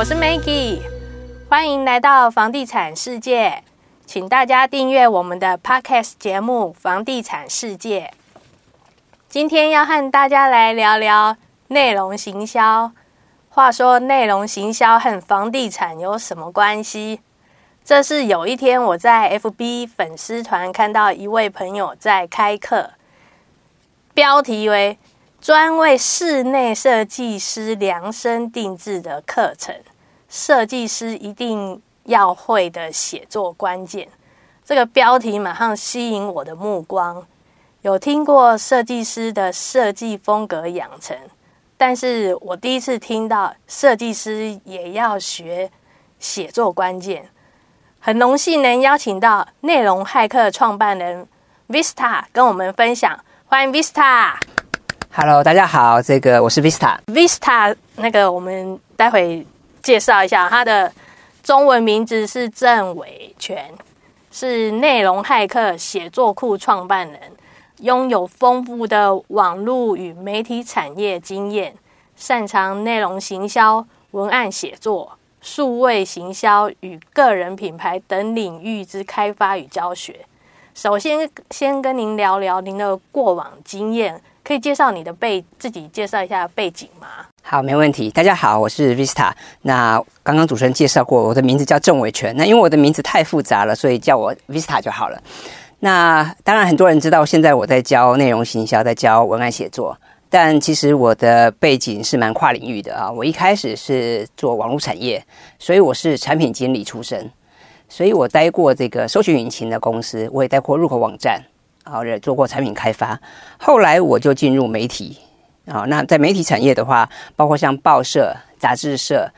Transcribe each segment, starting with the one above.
我是 Maggie，歡迎來到房地產世界，請大家訂閱我們的 podcast 節目《房地產世界》。今天要和大家來聊聊內容行銷。話說內容行銷和房地產有什麼關係？這是有一天我在 FB 粉絲團看到一位朋友在開課，標題為，專為室內設計師量身定制的課程，設計師一定要會的寫作關鍵。這個標題馬上吸引我的目光。有聽過設計師的設計風格養成，但是我第一次聽到設計師也要學寫作關鍵。很榮幸能邀請到內容駭客創辦人 Vista 跟我們分享，歡迎 Vista。Hello，大家好，這個我是 Vista，Vista，Vista，那個我們待會介紹一下他的中文名字是鄭緯筌，是內容駭客寫作庫創辦人，擁有豐富的網路與媒體產業經驗，擅長內容行銷、文案寫作、數位行銷與個人品牌等領域之開發與教學。首先，先跟您聊聊您的過往經驗。可以介紹你的背自己介紹一下背景嗎？好，沒問題。大家好，我是 Vista。那剛剛主持人介紹過，我的名字叫鄭緯筌。那因為我的名字太複雜了，所以叫我 Vista 就好了。那當然，很多人知道現在我在教內容行銷，在教文案寫作。但其實我的背景是蠻跨領域的啊。我一開始是做網絡產業，所以我是產品經理出身。所以我待過這個搜尋引擎的公司，我也待過入口網站。好，也做過產品開發，後來我就進入媒體啊、哦。那在媒體產業的話，包括像報社、雜誌社、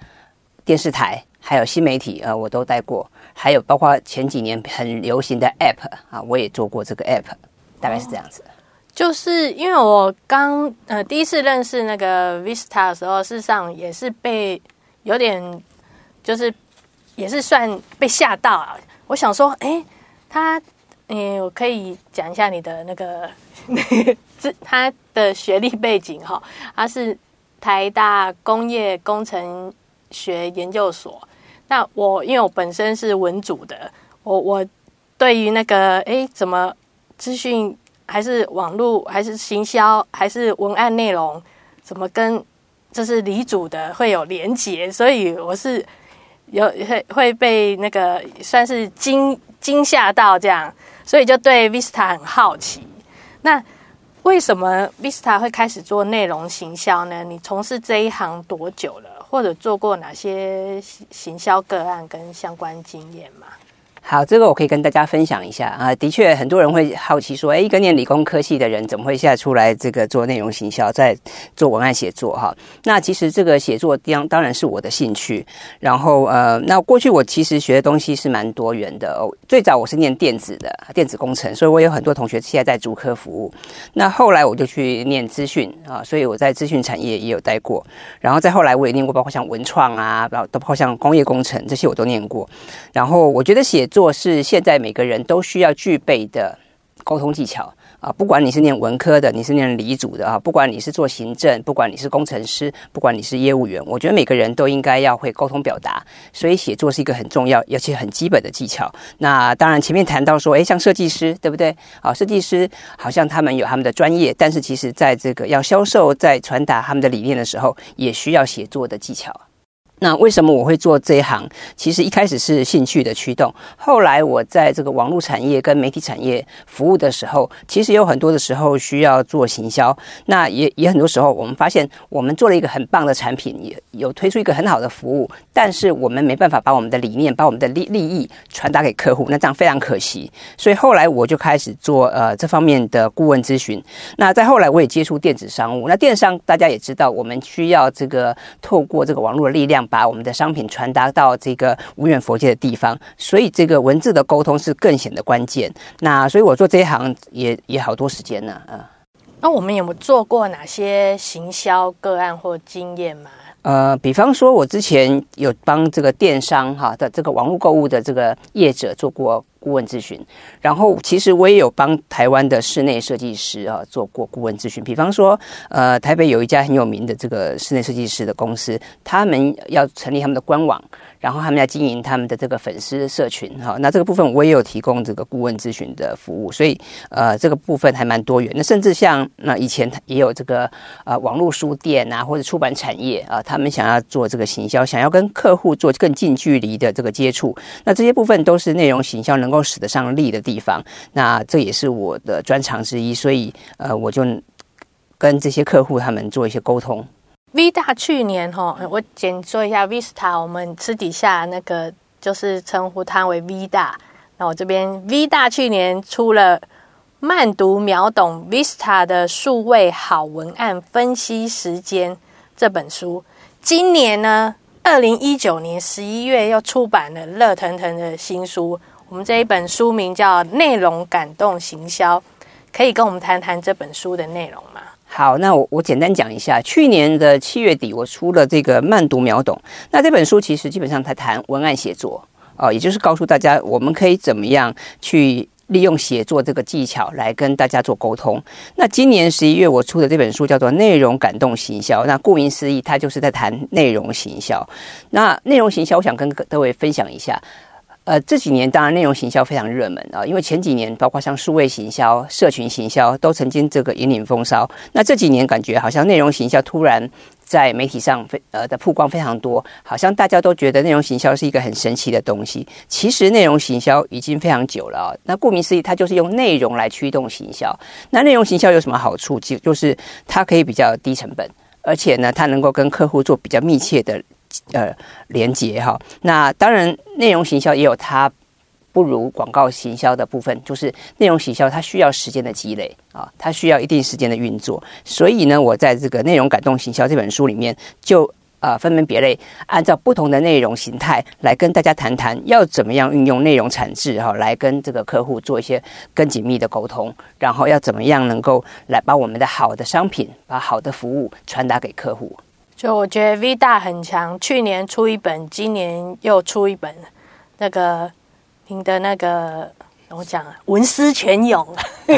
電視台，還有新媒體，呃，我都待過。還有包括前幾年很流行的 App 啊，我也做過這個 App。大概是這樣子。哦、就是因為我剛呃，第一次認識那個 Vista 的時候，事實上也是被有點就是也是算被嚇到、啊、我想說，哎、欸，他。嗯，我可以講一下你的那個那這 他的學歷背景哈、哦，他是台大工業工程學研究所。那我因為我本身是文組的，我我對於那個誒，怎麼資訊還是網絡還是行銷還是文案內容，怎麼跟就是理組的會有連結？所以我是有會會被那個算是驚驚嚇到這樣。所以就對 Vista 很好奇，那為什麼 Vista 會開始做內容行銷呢？你從事這一行多久了？或者做過哪些行銷個案跟相關經驗嗎？好，這個我可以跟大家分享一下啊。的確，很多人會好奇說，誒、欸，一個念理工科系的人，怎麼會現在出來這個做內容行銷，在做文案寫作哈、啊？那其實這個寫作當當然是我的興趣。然後呃，那過去我其實學的東西是蠻多元的，最早我是念電子的，電子工程，所以我有很多同學現在在竹科服務。那後來我就去念資訊啊，所以我在資訊產業也有待過。然後再後來，我也念過包括像文創啊，包括像工業工程這些我都念過。然後我覺得寫。作是現在每個人都需要具備的溝通技巧啊，不管你是念文科的，你是念理組的啊，不管你是做行政，不管你是工程師，不管你是業務員，我覺得每個人都應該要會溝通表達，所以寫作是一個很重要，而且很基本的技巧。那當然前面談到說，誒，像設計師對不對？啊，設計師好像他們有他們的專業，但是其實在這個要銷售，在傳達他們的理念的時候，也需要寫作的技巧。那為什麼我會做這一行？其實一開始是興趣的驅動。後來我在這個網絡產業跟媒體產業服務的時候，其實有很多的時候需要做行銷。那也也很多時候，我們發現我們做了一個很棒的產品，也有推出一個很好的服務，但是我們沒辦法把我們的理念、把我們的利利益傳達給客戶，那這樣非常可惜。所以後來我就開始做呃這方面的顧問諮詢。那再後來，我也接觸電子商務。那電商大家也知道，我們需要這個透過這個網絡的力量。把我們的商品傳達到這個無遠弗屆的地方，所以這個文字的溝通是更顯得關鍵。那所以我做這一行也也好多時間呢、嗯、啊。那我們有沒有做過哪些行銷個案或經驗嗎？呃，比方說，我之前有幫這個電商哈的這個網絡購物的這個業者做過顧問諮詢，然後其實我也有幫台灣的室內設計師啊做過顧問諮詢。比方說，呃，台北有一家很有名的這個室內設計師的公司，他們要成立他們的官網。然後他們要經營他們的這個粉絲社群，哈，那這個部分我也有提供這個顧問諮詢的服務，所以呃，這個部分還蠻多元。那甚至像那以前也有這個啊、呃、網絡書店啊或者出版產業啊、呃，他們想要做這個行銷，想要跟客戶做更近距離的這個接觸，那這些部分都是內容行銷能夠使得上力的地方。那這也是我的專長之一，所以呃，我就跟這些客戶他們做一些溝通。V 大去年哈，我簡說一下 Vista，我們私底下那個就是稱呼他為 V 大。那我這邊 V 大去年出了《慢讀秒懂 Vista 的數位好文案分析時間》這本書，今年呢，二零一九年十一月又出版了熱騰騰的新書。我們這一本書名叫《內容感動行銷》，可以跟我們談談這本書的內容嗎？好，那我我簡單講一下，去年的七月底，我出了這個《慢讀秒懂》，那這本書其實基本上在談文案寫作，哦，也就是告訴大家我們可以怎麼樣去利用寫作這個技巧來跟大家做溝通。那今年十一月我出的這本書叫做《內容感動行銷》，那顧名思義，它就是在談內容行銷。那內容行銷，我想跟各位分享一下。呃，這幾年當然內容行銷非常熱門啊、哦，因為前幾年包括像數位行銷、社群行銷都曾經這個引領風騷。那這幾年感覺好像內容行銷突然在媒體上非呃的曝光非常多，好像大家都覺得內容行銷是一個很神奇的東西。其實內容行銷已經非常久了啊、哦。那顧名思義，它就是用內容來驅動行銷。那內容行銷有什麼好處？就就是它可以比較低成本，而且呢，它能夠跟客戶做比較密切的。呃，連接哈、哦，那當然，內容行銷也有它不如廣告行銷的部分，就是內容行銷它需要時間的積累啊、哦，它需要一定時間的運作。所以呢，我在這個《內容感動行銷》這本書裡面，就呃，分門別類，按照不同的內容形態來跟大家談談，要怎麼樣運用內容產製哈、哦，來跟這個客戶做一些更緊密的溝通，然後要怎麼樣能夠來把我們的好的商品、把好的服務傳達給客戶。就我覺得 V 大很強，去年出一本，今年又出一本，那個您的那個，我講文思泉湧，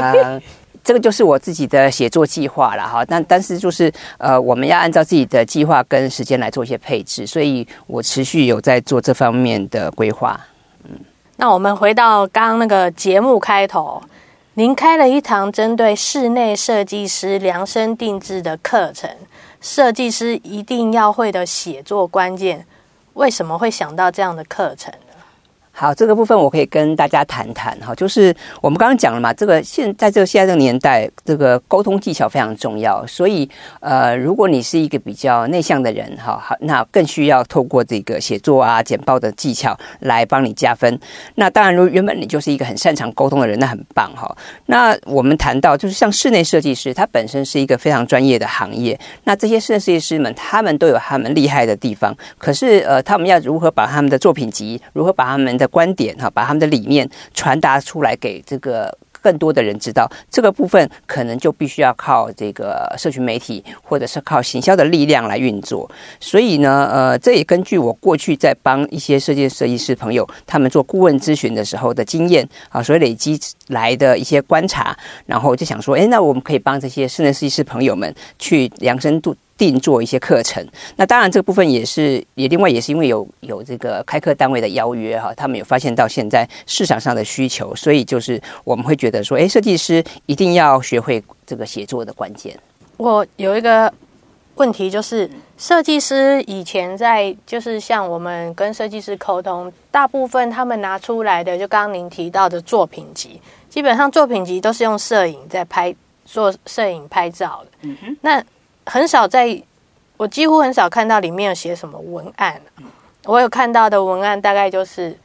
啊、 呃，這個就是我自己的寫作計劃了哈。但但是就是呃，我們要按照自己的計劃跟時間來做一些配置，所以我持續有在做這方面的規劃。嗯，那我們回到剛剛那個節目開頭，您開了一堂針對室內設計師量身定制的課程。設計師一定要會的寫作關鍵，為什麼會想到這樣的課程？好，這個部分我可以跟大家談談哈、哦，就是我們剛剛講了嘛，這個現在這個現在這個年代，這個溝通技巧非常重要，所以呃，如果你是一個比較內向的人哈，好、哦，那更需要透過這個寫作啊、簡報的技巧來幫你加分。那當然，如果原本你就是一個很擅長溝通的人，那很棒哈、哦。那我們談到就是像室內設計師，他本身是一個非常專業的行業，那這些室內設計師們，他們都有他們厲害的地方，可是呃，他們要如何把他們的作品集，如何把他們的的觀點哈，把他們的理念傳達出來給這個更多的人知道，這個部分可能就必須要靠這個社群媒體，或者是靠行銷的力量來運作。所以呢，呃，這也根據我過去在幫一些設計設計師朋友他們做顧問諮詢的時候的經驗啊，所以累積來的一些觀察，然後就想說，哎，那我們可以幫這些室內設計師朋友們去量身度。定做一些課程，那當然這個部分也是也另外也是因為有有這個開課單位的邀約哈，他們有發現到現在市場上的需求，所以就是我們會覺得說，哎、欸，設計師一定要學會這個寫作的關鍵。我有一個問題，就是設計師以前在就是像我們跟設計師溝通，大部分他們拿出來的就剛剛您提到的作品集，基本上作品集都是用攝影在拍做攝影拍照的，嗯哼，那。很少在，我幾乎很少看到裡面有寫什麼文案。我有看到的文案大概就是，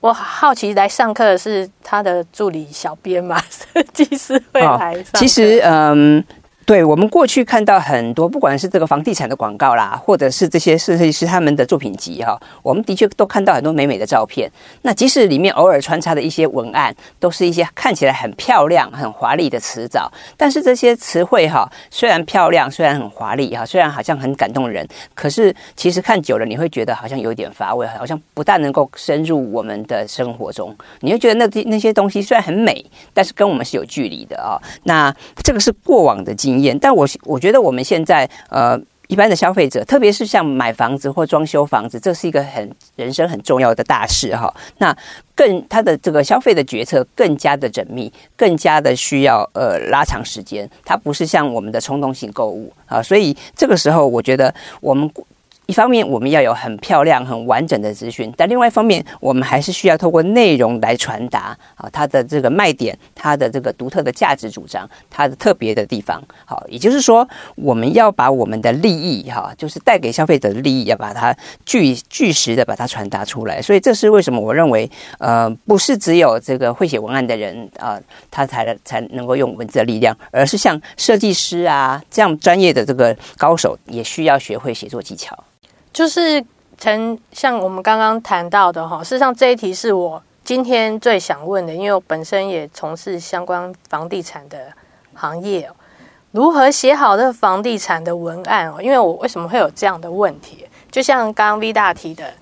我好奇來上課的是他的助理、小編嘛，設計師會來上、哦。其實，嗯。對，我們過去看到很多，不管是這個房地產的廣告啦，或者是這些設計師他們的作品集哈、哦，我們的確都看到很多美美的照片。那即使裡面偶爾穿插的一些文案，都是一些看起來很漂亮、很華麗的詞藻。但是這些詞彙哈、哦，雖然漂亮，雖然很華麗哈，雖然好像很感動人，可是其實看久了，你會覺得好像有點乏味，好像不大能夠深入我們的生活中，你會覺得那那些東西雖然很美，但是跟我們是有距離的啊、哦。那這個是過往的經。但我我覺得我們現在呃，一般的消費者，特別是像買房子或裝修房子，這是一個很人生很重要的大事哈、哦。那更他的這個消費的決策更加的縝密，更加的需要呃拉長時間，它不是像我們的衝動性購物啊、呃。所以這個時候，我覺得我們。一方面我們要有很漂亮、很完整的資訊，但另外一方面，我們還是需要透過內容來傳達啊、哦，它的這個賣點，它的這個獨特的價值主張，它的特別的地方。好、哦，也就是說，我們要把我們的利益哈、哦，就是帶給消費者的利益，要把它據據，據實的把它傳達出來。所以這是為什麼我認為，呃，不是只有這個會寫文案的人啊、呃，他才才能夠用文字的力量，而是像設計師啊這樣專業的這個高手，也需要學會寫作技巧。就是曾，像我們剛剛談到的哈，事實上這一題是我今天最想問的，因為我本身也從事相關房地產的行業，如何寫好的房地產的文案哦？因為我為什麼會有這樣的問題？就像剛剛 V 大提的，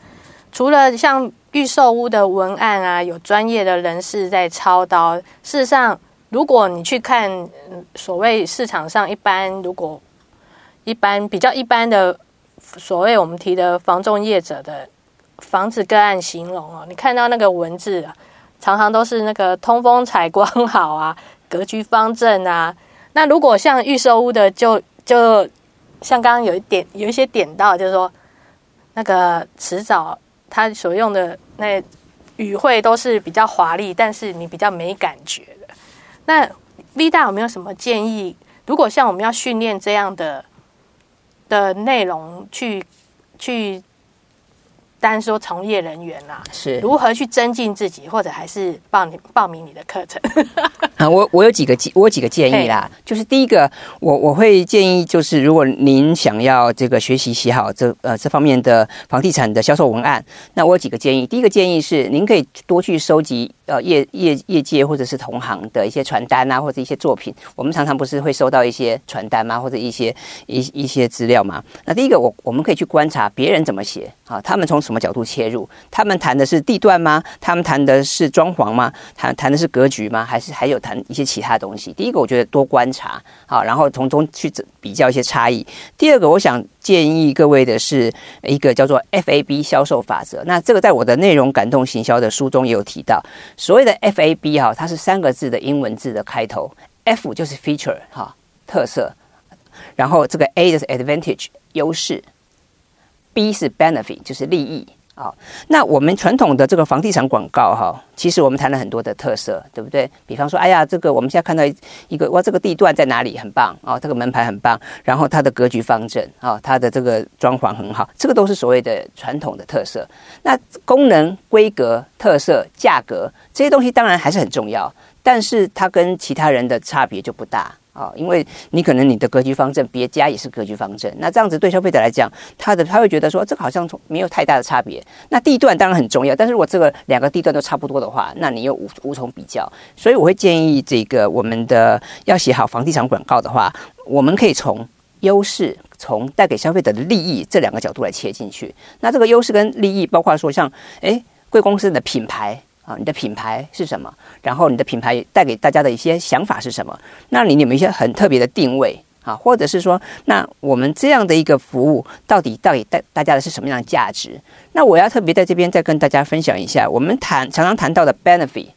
除了像預售屋的文案啊，有專業的人士在操刀，事實上如果你去看，所謂市場上一般如果一般比較一般的，所謂我們提的房仲業者的房子個案形容哦，你看到那個文字啊，常常都是那個通風採光好啊，格局方正啊。那如果像預售屋的就，就就像剛剛有一點有一些點到，就是說那個遲早他所用的那語彙都是比較華麗，但是你比較沒感覺的。那 V 大有沒有什麼建議？如果像我們要訓練這樣的？的內容去去。單說從業人員啦、啊，是如何去增進自己，或者還是報你報名你的課程 、啊、我我有，幾個我有幾個建，我有幾個建議啦。就是第一個，我我會建議，就是如果您想要這個學習寫好這呃這方面的房地產的銷售文案，那我有幾個建議。第一個建議是，您可以多去收集呃業業業界或者是同行的一些傳單啊，或者一些作品。我們常常不是會收到一些傳單嗎、啊？或者一些一一,一些資料嗎？那第一個，我我們可以去觀察別人怎麼寫。好，他們從什麼角度切入？他們談的是地段嗎？他們談的是裝潢嗎？談談的是格局嗎？還是還有談一些其他東西？第一個，我覺得多觀察，好，然後從中去比較一些差異。第二個，我想建議各位的是一個叫做 FAB 銷售法則。那這個在我的內容感動行銷的書中也有提到。所謂的 FAB 哈、哦，它是三個字的英文字的開頭，F 就是 feature 哈，特色，然後這個 A 就是 advantage 優勢。B 是 benefit，就是利益啊、哦。那我們傳統的這個房地產廣告哈、哦，其實我們談了很多的特色，對不對？比方說，哎呀，這個我們現在看到一個哇，這個地段在哪裡，很棒啊、哦，這個門牌很棒，然後它的格局方正啊、哦，它的這個裝潢很好，這個都是所謂的傳統的特色。那功能、規格、特色、價格這些東西當然還是很重要，但是它跟其他人的差別就不大。啊、哦，因為你可能你的格局方正，別家也是格局方正，那這樣子對消費者來講，他的他會覺得說，這個好像從沒有太大的差別。那地段當然很重要，但是如果這個兩個地段都差不多的話，那你又無無從比較。所以我會建議這個我們的要寫好房地產廣告的話，我們可以從優勢、從帶給消費者的利益這兩個角度來切進去。那這個優勢跟利益，包括說像，誒，貴公司的品牌。啊，你的品牌是什麼？然後你的品牌帶給大家的一些想法是什麼？那你，你有沒有一些很特別的定位啊？或者是說，那我們這樣的一個服務到底到底帶，帶大家的是什麼樣的價值？那我要特別在這邊再跟大家分享一下，我們談，常常談到的 benefit。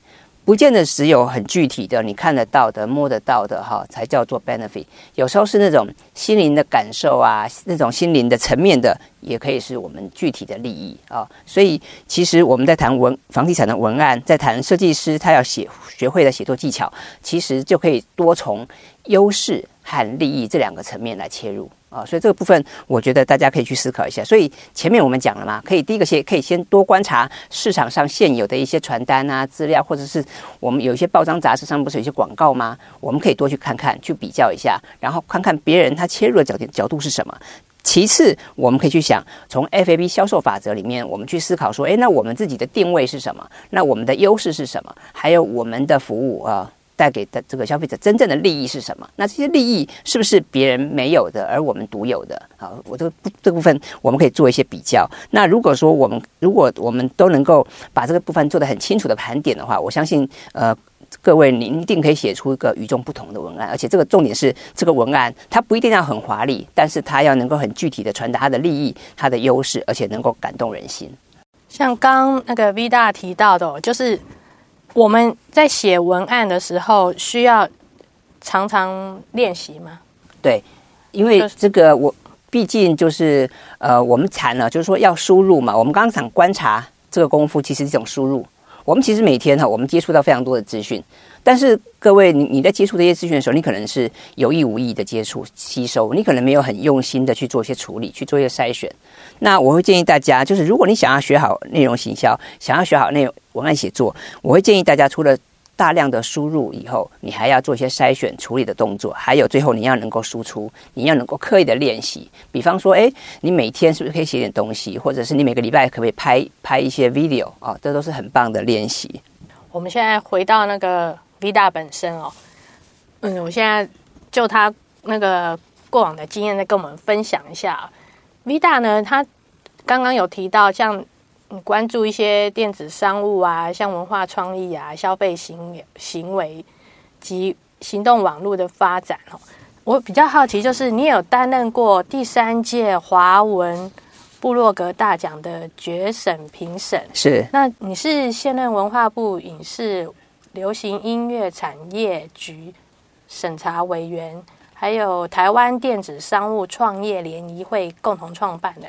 不見得只有很具體的、你看得到的、摸得到的哈、哦，才叫做 benefit。有時候是那種心靈的感受啊，那種心靈的層面的，也可以是我們具體的利益啊、哦。所以其實我們在談文房地產的文案，在談設計師他要寫學會的寫作技巧，其實就可以多從優勢。和利益這兩個層面來切入啊，所以這個部分我覺得大家可以去思考一下。所以前面我們講了嘛，可以第一個先可以先多觀察市場上現有的一些傳單啊、資料，或者是我們有一些報章雜誌上不是有一些廣告嗎？我們可以多去看看，去比較一下，然後看看別人他切入的角角度是什麼。其次，我們可以去想從 FAB 銷售法則裡面，我們去思考說，誒，那我們自己的定位是什麼？那我們的優勢是什麼？還有我們的服務啊。帶給的這個消費者真正的利益是什麼？那這些利益是不是別人沒有的，而我們獨有的？好，我這個這部分我們可以做一些比較。那如果說我們如果我們都能夠把這個部分做得很清楚的盤點的話，我相信，呃，各位您一定可以寫出一個與眾不同的文案。而且這個重點是，這個文案它不一定要很華麗，但是它要能夠很具體的傳達它的利益、它的優勢，而且能夠感動人心。像剛那個 V 大提到的，就是。我們在寫文案的時候，需要常常練習嗎？對，因為這個我畢竟就是呃，我們饞了，就是說要輸入嘛。我們剛剛講觀察這個功夫，其實是一種輸入。我們其實每天哈，我們接觸到非常多的資訊，但是各位，你你在接觸這些資訊的時候，你可能是有意無意的接觸、吸收，你可能沒有很用心的去做一些處理、去做一些篩選。那我會建議大家，就是如果你想要學好內容行銷，想要學好內容文案寫作，我會建議大家除了。大量的輸入以後，你還要做一些篩選處理的動作，還有最後你要能夠輸出，你要能夠刻意的練習。比方說，哎、欸，你每天是不是可以寫點東西，或者是你每個禮拜可不可以拍拍一些 video 哦，這都是很棒的練習。我們現在回到那個 V 大本身哦，嗯，我現在就他那個過往的經驗，再跟我們分享一下、哦、V 大呢，他剛剛有提到像。你關注一些電子商務啊，像文化創意啊，消費行行為及行動網絡的發展哦。我比較好奇，就是你有擔任過第三屆華文部落格大獎的決審評審，是？那你是現任文化部影視流行音樂產業局審查委員，還有台灣電子商務創業聯誼會共同創辦人。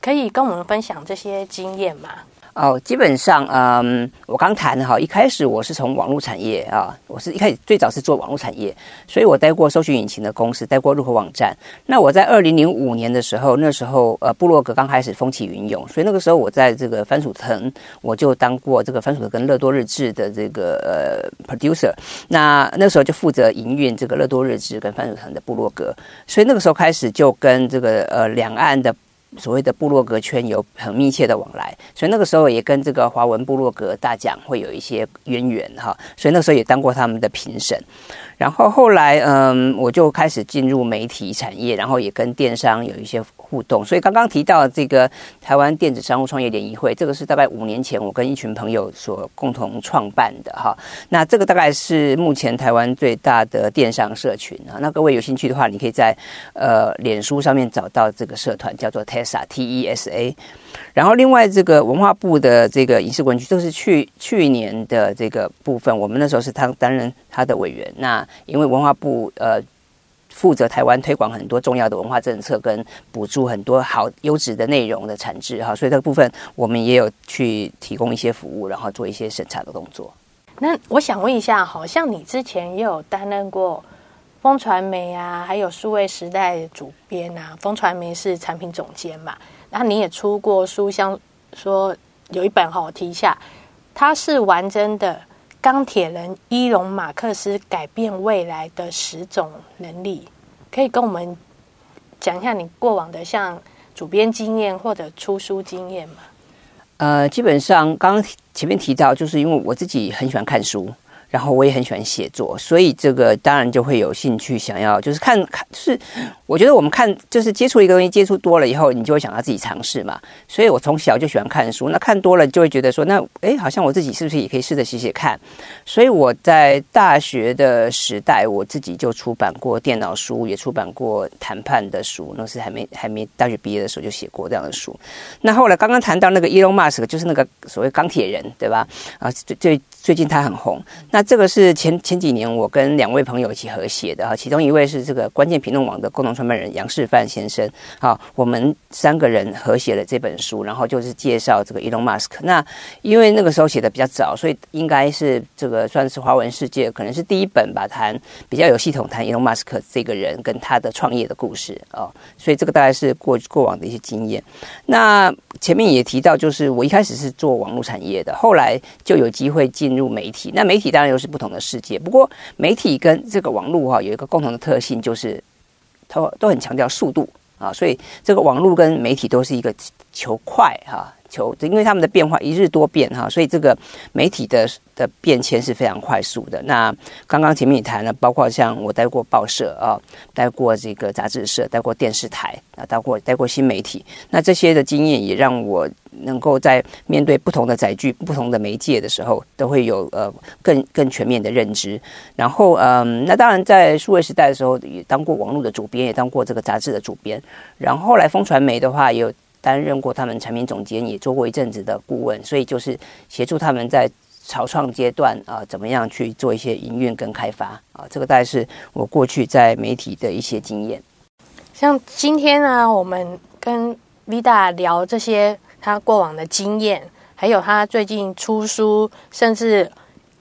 可以跟我們分享這些經驗嗎？哦，基本上，嗯，我剛談哈，一開始我是從網絡產業啊，我是一開始最早是做網絡產業，所以我待過搜尋引擎的公司，待過入口網站。那我在二零零五年的時候，那時候呃，部落格剛開始風起雲湧，所以那個時候我在這個番薯藤，我就當過這個番薯跟樂多日誌的這個呃 producer。那那個時候就負責營運這個樂多日誌跟番薯藤的部落格，所以那個時候開始就跟這個呃兩岸的。所謂的部落格圈有很密切的往來，所以那個時候也跟這個華文部落格大獎會有一些淵源哈，所以那時候也當過他們的評審。然後後來，嗯，我就開始進入媒體產業，然後也跟電商有一些互動。所以剛剛提到這個台灣電子商務創業聯誼會，這個是大概五年前我跟一群朋友所共同創辦的哈。那這個大概是目前台灣最大的電商社群啊。那各位有興趣的話，你可以在呃臉書上面找到這個社團，叫做 TESA T E S A。然後另外這個文化部的這個影視文具，都是去去年的這個部分，我們那時候是他擔任他的委員那。因為文化部呃負責台灣推廣很多重要的文化政策跟補助很多好優質的內容的產制哈，所以這個部分我們也有去提供一些服務，然後做一些審查的動作。那我想問一下，好像你之前也有擔任過風傳媒啊，還有數位時代的主編啊，風傳媒是產品總監嘛，然後你也出過書，像說有一本哈，我提一下，它是完整的。鋼鐵人伊隆馬斯克改變未來的十種能力，可以跟我們講一下你過往的像主編經驗或者出書經驗嗎？呃，基本上剛剛前面提到，就是因為我自己很喜歡看書。然後我也很喜歡寫作，所以這個當然就會有興趣想要，就是看看，就是我覺得我們看就是接觸一個東西，接觸多了以後，你就會想要自己嘗試嘛。所以我從小就喜歡看書，那看多了就會覺得說，那哎，好像我自己是不是也可以試着寫寫看？所以我在大學的時代，我自己就出版過電腦書，也出版過談判的書，那是還沒還沒大學畢業的時候就寫過這樣的書。那後來剛剛談到那個伊隆·馬斯克，就是那個所謂鋼鐵人，對吧？啊，最最最近他很紅。那這個是前前幾年我跟兩位朋友一起合寫的哈、啊，其中一位是這個關鍵評論網的共同創辦人楊士範先生好、哦，我們三個人合寫了這本書，然後就是介紹這個伊隆·馬斯克。那因為那個時候寫的比較早，所以應該是這個算是華文世界可能是第一本吧，談比較有系統談伊隆·馬斯克這個人跟他的創業的故事哦，所以這個大概是過過往的一些經驗。那前面也提到，就是我一開始是做網絡產業的，後來就有機會進入媒體，那媒體當然。又是不同的世界。不過，媒體跟這個網絡哈、哦、有一個共同的特性，就是它都很強調速度啊。所以，這個網絡跟媒體都是一個求快哈、啊，求因為他們的變化一日多變哈、啊。所以，這個媒體的的變遷是非常快速的。那剛剛前面也談了，包括像我待過報社啊，待過這個雜誌社，待過電視台啊，待過待過新媒體。那這些的經驗也讓我。能夠在面對不同的載具、不同的媒介的時候，都會有呃更更全面的認知。然後嗯、呃，那當然在數位時代的時候，也當過網絡的主編，也當過這個雜誌的主編。然後後來風傳媒的話，也有擔任過他們產品總監，也做過一陣子的顧問，所以就是協助他們在草創階段啊、呃，怎麼樣去做一些營運跟開發啊、呃。這個大概是我過去在媒體的一些經驗。像今天呢、啊，我們跟 Vista 聊這些。他過往的經驗，還有他最近出書，甚至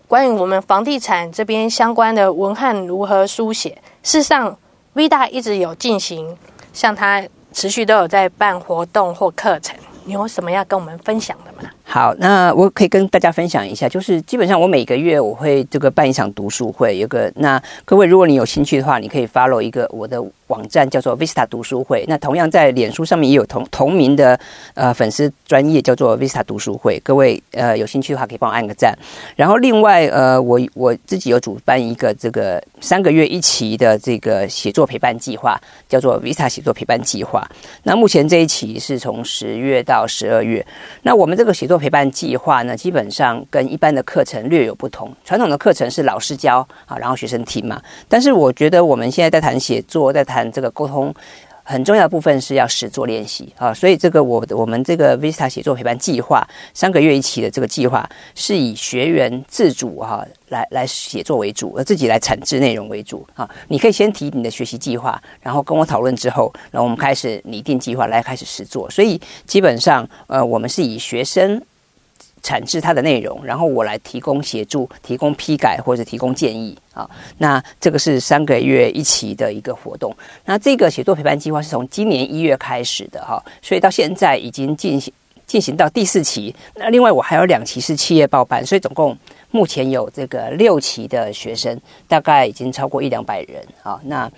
關於我們房地產這邊相關的文案如何書寫。事實上，Vista 一直有進行，像他持續都有在辦活動或課程。你有什麼要跟我們分享的嗎？好，那我可以跟大家分享一下，就是基本上我每個月我會這個辦一場讀書會，有個那各位，如果你有興趣的話，你可以 follow 一個我的。網站叫做 Vista 讀書會，那同樣在臉書上面也有同同名的呃粉絲專頁叫做 Vista 讀書會。各位呃有興趣的話，可以幫我按個讚。然後另外呃我我自己有主辦一個這個三個月一期的這個寫作陪伴計劃，叫做 Vista 寫作陪伴計劃。那目前這一期是從十月到十二月。那我們這個寫作陪伴計劃呢，基本上跟一般的課程略有不同。傳統的課程是老師教啊，然後學生聽嘛。但是我覺得我們現在在談寫作，在談。談這個溝通很重要的部分是要實作練習啊，所以這個我我們這個 Vista 寫作陪伴計劃三個月一期的這個計劃是以學員自主哈、啊、來來寫作為主，而自己來產制內容為主啊。你可以先提你的學習計劃，然後跟我討論之後，然後我們開始擬定計劃來開始實作，所以基本上呃，我們是以學生產製它的內容，然後我來提供協助、提供批改或者提供建議啊、哦。那這個是三個月一期的一個活動。那這個寫作陪伴計劃是從今年一月開始的哈、哦，所以到現在已經進行進行到第四期。那另外我還有兩期是企業報班，所以總共目前有這個六期的學生，大概已經超過一兩百人啊、哦。那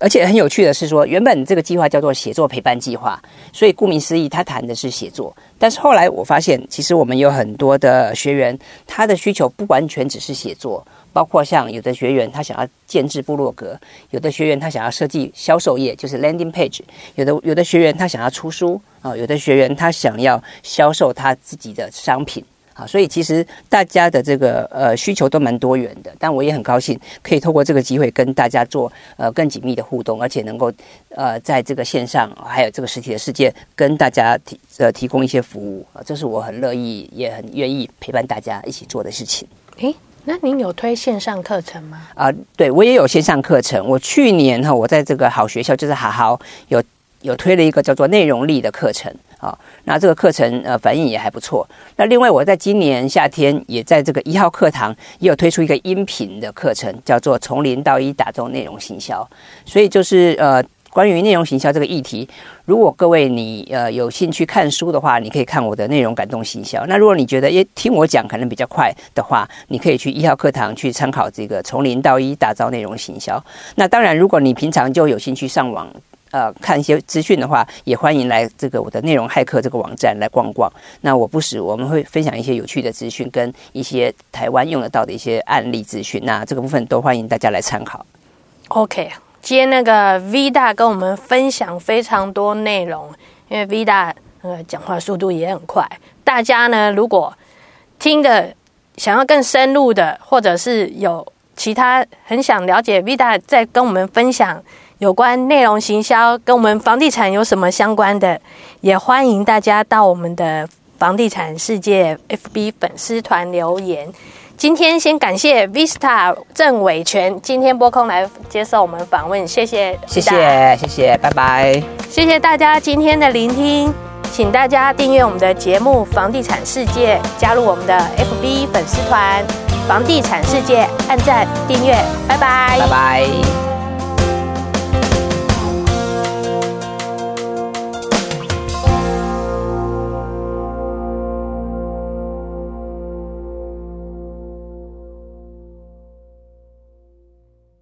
而且很有趣的是說，說原本這個計劃叫做寫作陪伴計劃，所以顧名思義，他談的是寫作。但是後來我發現，其實我們有很多的學員，他的需求不完全只是寫作，包括像有的學員他想要建置部落格，有的學員他想要設計銷售頁，就是 landing page，有的有的學員他想要出書啊、哦，有的學員他想要銷售他自己的商品。所以其實大家的這個呃需求都蠻多元的，但我也很高興可以透過這個機會跟大家做呃更緊密的互動，而且能夠呃在這個線上還有這個實體的世界跟大家提呃提供一些服務啊、呃，這是我很樂意也很願意陪伴大家一起做的事情。誒，那您有推線上課程嗎？啊、呃，對我也有線上課程，我去年哈我在這個好學校就是好好有有推了一個叫做內容力的課程。好、哦，那這個課程呃反應也還不錯。那另外，我在今年夏天也在這個一號課堂也有推出一個音頻的課程，叫做《從零到一打造內容行銷》。所以就是呃，關於內容行銷這個議題，如果各位你呃有興趣看書的話，你可以看我的《內容感動行銷》。那如果你覺得耶聽我講可能比較快的話，你可以去一號課堂去參考這個《從零到一打造內容行銷》。那當然，如果你平常就有興趣上網。呃，看一些資訊的話，也歡迎來這個我的內容駭客這個網站來逛逛。那我不時我們會分享一些有趣的資訊，跟一些台灣用得到的一些案例資訊。那這個部分都歡迎大家來參考。OK，今天那個 V 大跟我們分享非常多內容，因為 V 大呃講話速度也很快。大家呢，如果聽的想要更深入的，或者是有其他很想了解 V 大在跟我們分享。有關內容行銷跟我們房地產有什麼相關的，也歡迎大家到我們的房地產世界 FB 粉絲團留言。今天先感謝 Vista 鄭緯筌，今天撥空來接受我們訪問，謝謝。謝謝，謝謝，拜拜。謝謝大家今天的聆聽，請大家訂閱我們的節目《房地產世界》，加入我們的 FB 粉絲團《房地產世界》，按讚訂閱，拜拜，拜拜。